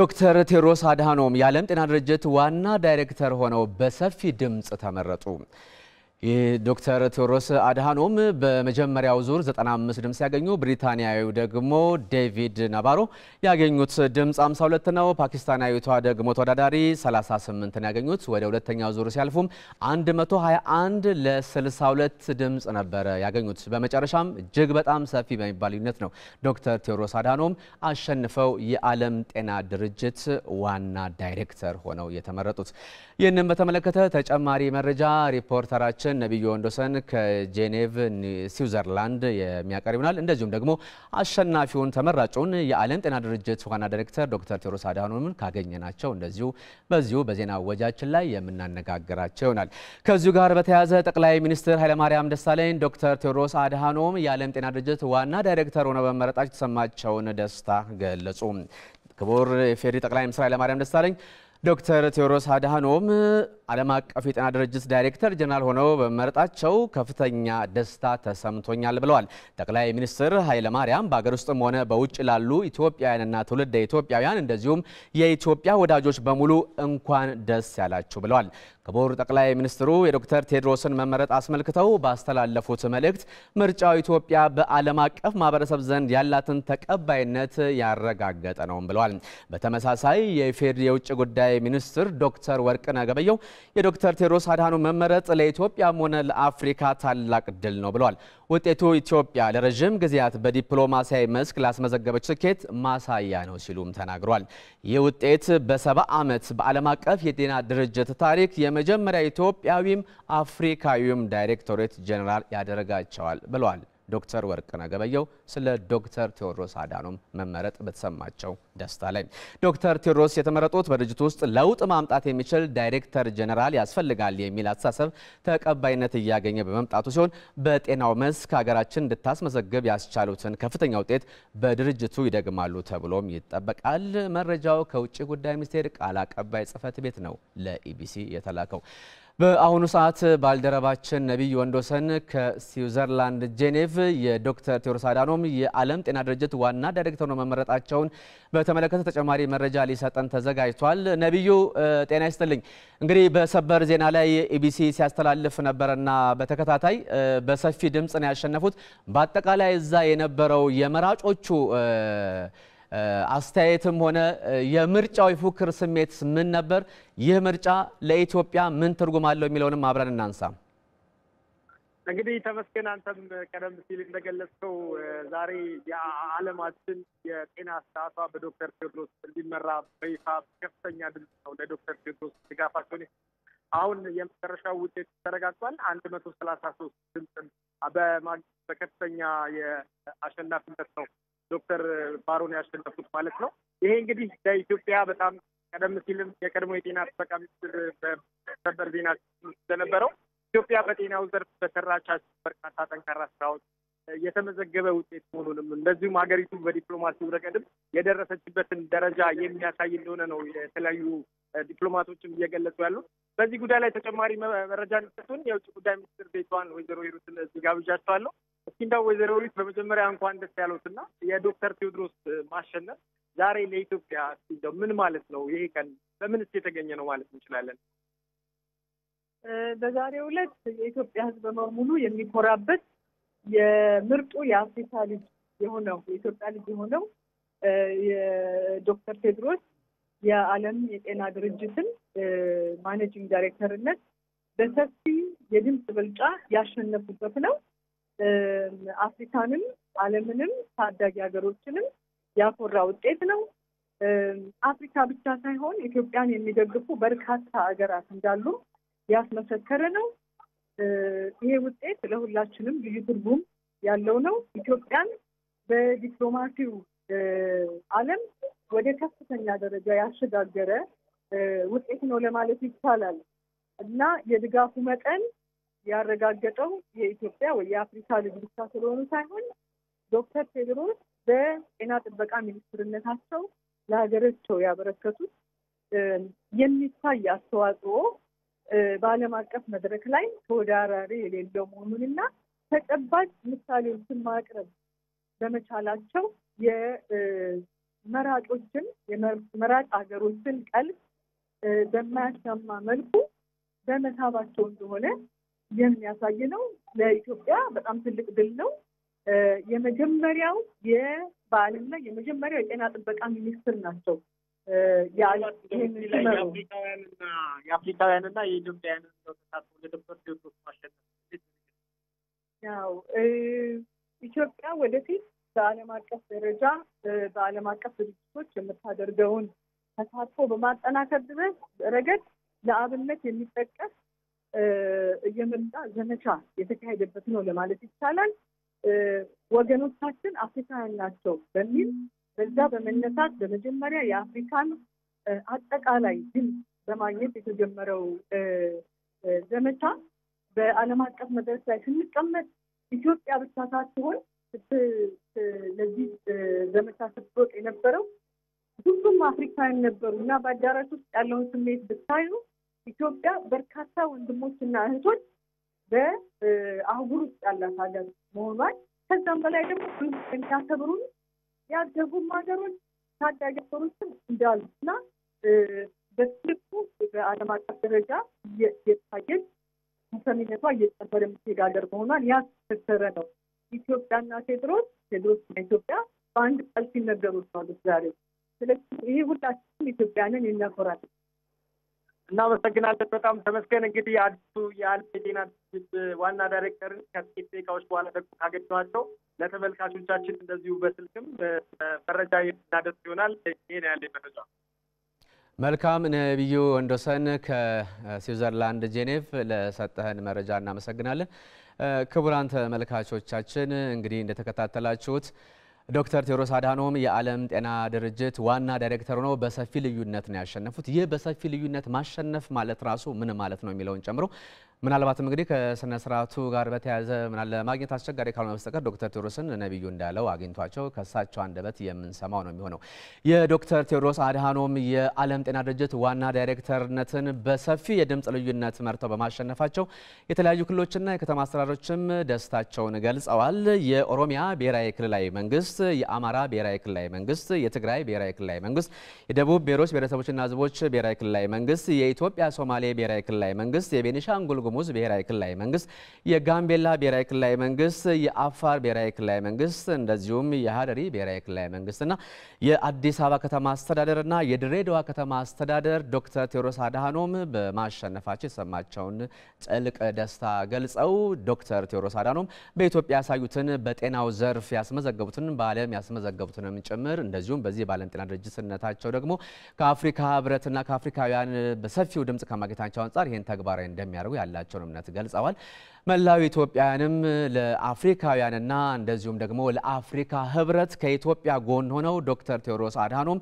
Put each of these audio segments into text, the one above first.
ዶክተር ቴዎድሮስ አድሃኖም የዓለም ጤና ድርጅት ዋና ዳይሬክተር ሆነው በሰፊ ድምፅ ተመረጡ። የዶክተር ቴዎድሮስ አድሃኖም በመጀመሪያው ዙር 95 ድምፅ ያገኙ፣ ብሪታንያዊው ደግሞ ዴቪድ ናባሮ ያገኙት ድምፅ 52 ነው። ፓኪስታናዊቷ ደግሞ ተወዳዳሪ 38 ነው ያገኙት። ወደ ሁለተኛው ዙር ሲያልፉም 121 ለ62 ድምፅ ነበረ ያገኙት። በመጨረሻም እጅግ በጣም ሰፊ በሚባል ልዩነት ነው ዶክተር ቴዎድሮስ አድሃኖም አሸንፈው የዓለም ጤና ድርጅት ዋና ዳይሬክተር ሆነው የተመረጡት። ይህንም በተመለከተ ተጨማሪ መረጃ ሪፖርተራችን ባልደረባችን ነቢዩ ወንዶሰን ከጄኔቭ ስዊዘርላንድ የሚያቀርብ ይሆናል። እንደዚሁም ደግሞ አሸናፊውን ተመራጩን የዓለም ጤና ድርጅት ዋና ዳይሬክተር ዶክተር ቴዎድሮስ አድሃኖምን ካገኘናቸው እንደዚሁ በዚሁ በዜና ወጃችን ላይ የምናነጋግራቸው ይሆናል። ከዚሁ ጋር በተያያዘ ጠቅላይ ሚኒስትር ኃይለማርያም ደሳለኝ ዶክተር ቴዎድሮስ አድሃኖም የዓለም ጤና ድርጅት ዋና ዳይሬክተር ሆነው በመረጣች የተሰማቸውን ደስታ ገለጹ። ክቡር የፌዴሪ ጠቅላይ ሚኒስትር ኃይለማርያም ደሳለኝ ዶክተር ቴዎድሮስ አድሃኖም ዓለም አቀፍ የጤና ድርጅት ዳይሬክተር ጀነራል ሆነው በመመረጣቸው ከፍተኛ ደስታ ተሰምቶኛል ብለዋል። ጠቅላይ ሚኒስትር ኃይለማርያም በአገር ውስጥም ሆነ በውጭ ላሉ ኢትዮጵያውያንና ትውልደ ኢትዮጵያውያን እንደዚሁም የኢትዮጵያ ወዳጆች በሙሉ እንኳን ደስ ያላችሁ ብለዋል። ክቡር ጠቅላይ ሚኒስትሩ የዶክተር ቴዎድሮስን መመረጥ አስመልክተው ባስተላለፉት መልእክት ምርጫው ኢትዮጵያ በዓለም አቀፍ ማህበረሰብ ዘንድ ያላትን ተቀባይነት ያረጋገጠ ነውም ብለዋል። በተመሳሳይ የኢፌዴሪ የውጭ ጉዳይ ጉዳይ ሚኒስትር ዶክተር ወርቅነህ ገበየሁ የዶክተር ቴድሮስ አድሃኖ መመረጥ ለኢትዮጵያም ሆነ ለአፍሪካ ታላቅ ድል ነው ብለዋል። ውጤቱ ኢትዮጵያ ለረዥም ጊዜያት በዲፕሎማሲያዊ መስክ ላስመዘገበች ስኬት ማሳያ ነው ሲሉም ተናግሯል። ይህ ውጤት በሰባ ዓመት በዓለም አቀፍ የጤና ድርጅት ታሪክ የመጀመሪያ ኢትዮጵያዊም አፍሪካዊም ዳይሬክቶሬት ጄኔራል ያደረጋቸዋል ብለዋል። ዶክተር ወርቅነህ ገበየሁ ስለ ዶክተር ቴዎድሮስ አዳኖም መመረጥ በተሰማቸው ደስታ ላይ ዶክተር ቴዎድሮስ የተመረጡት በድርጅቱ ውስጥ ለውጥ ማምጣት የሚችል ዳይሬክተር ጀነራል ያስፈልጋል የሚል አስተሳሰብ ተቀባይነት እያገኘ በመምጣቱ ሲሆን በጤናው መስክ ሀገራችን እንድታስመዘግብ ያስቻሉትን ከፍተኛ ውጤት በድርጅቱ ይደግማሉ ተብሎም ይጠበቃል። መረጃው ከውጭ ጉዳይ ሚኒስቴር ቃል አቀባይ ጽህፈት ቤት ነው ለኢቢሲ የተላከው። በአሁኑ ሰዓት ባልደረባችን ነቢይ ወንዶሰን ከስዊዘርላንድ ጄኔቭ የዶክተር ቴዎድሮስ አዳኖም የዓለም ጤና ድርጅት ዋና ዳይሬክተር ነው መመረጣቸውን በተመለከተ ተጨማሪ መረጃ ሊሰጠን ተዘጋጅቷል። ነቢዩ ጤና ይስጥልኝ። እንግዲህ በሰበር ዜና ላይ ኢቢሲ ሲያስተላልፍ ነበረና በተከታታይ በሰፊ ድምፅ ነው ያሸነፉት። በአጠቃላይ እዛ የነበረው የመራጮቹ አስተያየትም ሆነ የምርጫው የፉክር ስሜት ምን ነበር? ይህ ምርጫ ለኢትዮጵያ ምን ትርጉም አለው የሚለውንም አብረን እናንሳ። እንግዲህ ተመስገን፣ አንተም ቀደም ሲል እንደገለጽከው ዛሬ የዓለማችን የጤና ስርዓቷ በዶክተር ቴዎድሮስ እንዲመራ በይፋ ከፍተኛ ድምፅ ነው ለዶክተር ቴዎድሮስ ድጋፋቸውን አሁን የመጨረሻው ውጤት ተረጋግጧል። አንድ መቶ ሰላሳ ሶስት ድምፅን በማግኘት በከፍተኛ የአሸናፊነት ነው ዶክተር ባሮን ያሸነፉት ማለት ነው። ይሄ እንግዲህ ለኢትዮጵያ በጣም ቀደም ሲልም የቀድሞ የጤና ጥበቃ ሚኒስትር በሰበር ዜና ስለነበረው ኢትዮጵያ በጤናው ዘርፍ በሰራቻቸው በርካታ ጠንካራ ስራዎች የተመዘገበ ውጤት መሆኑንም እንደዚሁም ሀገሪቱ በዲፕሎማሲ ረገድም የደረሰችበትን ደረጃ የሚያሳይ እንደሆነ ነው የተለያዩ ዲፕሎማቶችም እየገለጹ ያሉት። በዚህ ጉዳይ ላይ ተጨማሪ መረጃ እንዲሰጡን የውጭ ጉዳይ ሚኒስትር ቤቷን ወይዘሮ ሂሩትን እዚህ ጋብዣቸዋለሁ። እስኪንዳው ወይዘሮዊት በመጀመሪያ እንኳን ደስ ያሉትና የዶክተር ቴዎድሮስ ማሸነፍ ዛሬ ለኢትዮጵያ እስኪንዳው ምን ማለት ነው? ይሄ ቀን በምንስ የተገኘ ነው ማለት እንችላለን? በዛሬው ዕለት የኢትዮጵያ ሕዝብ በሙሉ የሚኮራበት የምርጡ የአፍሪካ ልጅ የሆነው የኢትዮጵያ ልጅ የሆነው የዶክተር ቴድሮስ የዓለም የጤና ድርጅትን ማኔጂንግ ዳይሬክተርነት በሰፊ የድምፅ ብልጫ ያሸነፉበት ነው። አፍሪካንም ዓለምንም ታዳጊ ሀገሮችንም ያኮራ ውጤት ነው። አፍሪካ ብቻ ሳይሆን ኢትዮጵያን የሚደግፉ በርካታ ሀገራት እንዳሉ ያስመሰከረ ነው። ይሄ ውጤት ለሁላችንም ልዩ ትርጉም ያለው ነው። ኢትዮጵያን በዲፕሎማሲው ዓለም ወደ ከፍተኛ ደረጃ ያሸጋገረ ውጤት ነው ለማለት ይቻላል እና የድጋፉ መጠን ያረጋገጠው የኢትዮጵያ ወይ የአፍሪካ ልጅ ብቻ ስለሆኑ ሳይሆን ዶክተር ቴድሮስ በጤና ጥበቃ ሚኒስትርነታቸው ለሀገራቸው ያበረከቱት የሚታይ አስተዋጽኦ በዓለም አቀፍ መድረክ ላይ ተወዳዳሪ የሌለው መሆኑንና ተጨባጭ ምሳሌዎችን ማቅረብ በመቻላቸው የመራጮችን የመራጭ ሀገሮችን ቀልብ በማያሻማ መልኩ በመሳባቸው እንደሆነ የሚያሳይ ነው። ለኢትዮጵያ በጣም ትልቅ ድል ነው። የመጀመሪያው በዓለም ላይ የመጀመሪያው የጤና ጥበቃ ሚኒስትር ናቸው። የአፍሪካውያንና የኢትዮጵያውያንን ኢትዮጵያ ወደፊት በዓለም አቀፍ ደረጃ በዓለም አቀፍ ድርጅቶች የምታደርገውን ተሳትፎ በማጠናከር ድረስ ረገድ ለአብነት የሚጠቀስ የምርጫ ዘመቻ የተካሄደበት ነው ለማለት ይቻላል። ወገኖቻችን አፍሪካውያን ናቸው በሚል በዛ በመነሳት በመጀመሪያ የአፍሪካን አጠቃላይ ድምፅ በማግኘት የተጀመረው ዘመቻ በዓለም አቀፍ መድረክ ላይ ስንቀመጥ ኢትዮጵያ ብቻ ሳትሆን ለዚህ ዘመቻ ስትሮጥ የነበረው ሁሉም አፍሪካውያን ነበሩ እና በአዳራሽ ውስጥ ያለውን ስሜት ብታዩ ኢትዮጵያ በርካታ ወንድሞችና እህቶች በአህጉር ውስጥ ያላት ሀገር መሆኗን ከዛም በላይ ደግሞ የሚያከብሩን ያደጉም ሀገሮች ታዳጊ ሀገሮችም እንዳሉ እና በትልቁ በዓለም አቀፍ ደረጃ የታየች ሙሰሚነቷ እየጨመረ የምትሄድ ሀገር መሆኗን ያስቸገረ ነው። ኢትዮጵያና ቴድሮስ ቴድሮስና ኢትዮጵያ በአንድ ቃል ሲነገሩ ነው ዛሬ። ስለዚህ ይሄ ሁላችንም ኢትዮጵያንን የሚያኮራል። እናመሰግናለን። በጣም ተመስገን። እንግዲህ አዲሱ የዓለም የጤና ድርጅት ዋና ዳይሬክተርን ከጥቂት ደቂቃዎች በኋላ ደግሞ ካገኘኋቸው ለተመልካቾቻችን እንደዚሁ በስልክም መረጃ የምናደርስ ይሆናል። ይሄን ያለ መረጃ መልካም። ነቢዩ ወንዶሰን ከስዊዘርላንድ ጄኔቭ ለሰጠህን መረጃ እናመሰግናለን። ክቡራን ተመልካቾቻችን እንግዲህ እንደተከታተላችሁት ዶክተር ቴዎድሮስ አድሃኖም የዓለም ጤና ድርጅት ዋና ዳይሬክተር ሆነው በሰፊ ልዩነት ነው ያሸነፉት። ይህ በሰፊ ልዩነት ማሸነፍ ማለት ራሱ ምን ማለት ነው የሚለውን ጨምሮ ምናልባትም እንግዲህ ከስነ ስርዓቱ ጋር በተያያዘ ማግኘት አስቸጋሪ ካልሆነ በስተቀር ዶክተር ቴዎድሮስን ነቢዩ እንዳለው አግኝቷቸው ከእሳቸው አንደበት የምንሰማው ነው የሚሆነው። የዶክተር ቴዎድሮስ አድሃኖም የዓለም ጤና ድርጅት ዋና ዳይሬክተርነትን በሰፊ የድምፅ ልዩነት መርተው በማሸነፋቸው የተለያዩ ክልሎችና የከተማ አስተዳደሮችም ደስታቸውን ገልጸዋል። የኦሮሚያ ብሔራዊ ክልላዊ መንግስት፣ የአማራ ብሔራዊ ክልላዊ መንግስት፣ የትግራይ ብሔራዊ ክልላዊ መንግስት፣ የደቡብ ብሔሮች ብሔረሰቦችና ህዝቦች ብሔራዊ ክልላዊ መንግስት፣ የኢትዮጵያ ሶማሌ ብሔራዊ ክልላዊ መንግስት፣ የቤኒሻንጉል ጉሙዝ ብሔራዊ ክልላዊ መንግስት፣ የጋምቤላ ብሔራዊ ክልላዊ መንግስት፣ የአፋር ብሔራዊ ክልላዊ መንግስት እንደዚሁም የሀረሪ ብሔራዊ ክልላዊ መንግስትና የአዲስ አበባ ከተማ አስተዳደርና የድሬዳዋ ከተማ አስተዳደር ዶክተር ቴዎድሮስ አድሃኖም በማሸነፋቸው የተሰማቸውን ጥልቅ ደስታ ገልጸው ዶክተር ቴዎድሮስ አድሃኖም በኢትዮጵያ ያሳዩትን በጤናው ዘርፍ ያስመዘገቡትን በዓለም ያስመዘገቡትንም ጭምር እንደዚሁም በዚህ በዓለም ጤና ድርጅትነታቸው ደግሞ ከአፍሪካ ህብረትና ከአፍሪካውያን በሰፊው ድምጽ ከማግኘታቸው አንጻር ይህን ተግባራዊ እንደሚያደርጉ ያለ እንዳላቸውን እምነት ገልጸዋል። መላው ኢትዮጵያውያንም ለአፍሪካውያንና እንደዚሁም ደግሞ ለአፍሪካ ህብረት ከኢትዮጵያ ጎን ሆነው ዶክተር ቴዎድሮስ አድሃኖም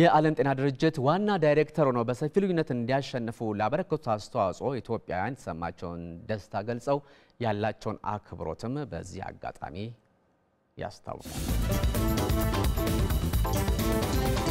የዓለም ጤና ድርጅት ዋና ዳይሬክተር ሆነው በሰፊ ልዩነት እንዲያሸንፉ ላበረከቱት አስተዋጽኦ ኢትዮጵያውያን የተሰማቸውን ደስታ ገልጸው ያላቸውን አክብሮትም በዚህ አጋጣሚ ያስታውቃል።